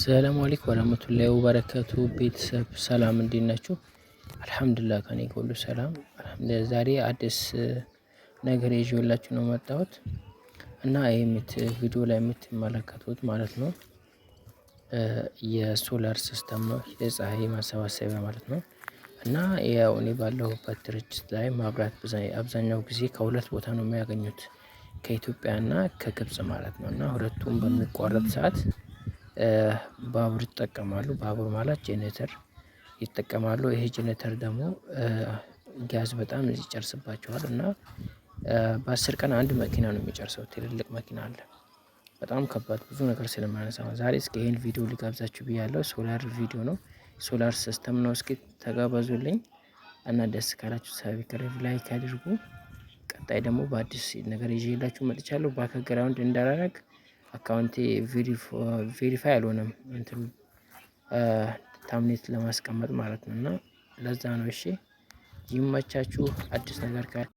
ሰላም አለይኩም ወራህመቱላሂ ወበረካቱ። ቤተሰብ ሰላም እንዴት ናችሁ? አልሐምዱሊላህ ከኔ ሁሉ ሰላም አልሐምዱሊላህ። ዛሬ አዲስ ነገር ይዤላችሁ ነው መጣሁት እና ይህ ቪዲዮ ላይ የምትመለከቱት ማለት ነው የሶላር ሲስተም ነው፣ የፀሐይ ማሰባሰቢያ ማለት ነው። እና ያው እኔ ባለሁበት ድርጅት ላይ ማብራት አብዛኛው ጊዜ ከሁለት ቦታ ነው የሚያገኙት ከኢትዮጵያና ከግብጽ ማለት ነው እና ሁለቱም በሚቋረጥ ሰዓት ባቡር ይጠቀማሉ። ባቡር ማለት ጄኔተር ይጠቀማሉ። ይሄ ጄኔተር ደግሞ ጋዝ በጣም ይጨርስባቸዋል እና በአስር ቀን አንድ መኪና ነው የሚጨርሰው። ትልልቅ መኪና አለ። በጣም ከባድ ብዙ ነገር ስለማነሳ ነው። ዛሬ እስኪ ይህን ቪዲዮ ልጋብዛችሁ ያለው ሶላር ቪዲዮ ነው። ሶላር ሲስተም ነው። እስኪ ተጋበዙልኝ እና ደስ ካላችሁ ሰብስክራይብ፣ ላይክ አድርጉ። ቀጣይ ደግሞ በአዲስ ነገር ይዤላችሁ መጥቻለሁ። ባክግራውንድ እንዳላረግ አካውንቴ ቬሪፋይ አልሆነም እንትኑ ታምኔት ለማስቀመጥ ማለት ነው። እና ለዛ ነው። እሺ ይመቻችሁ። አዲስ ነገር ካለ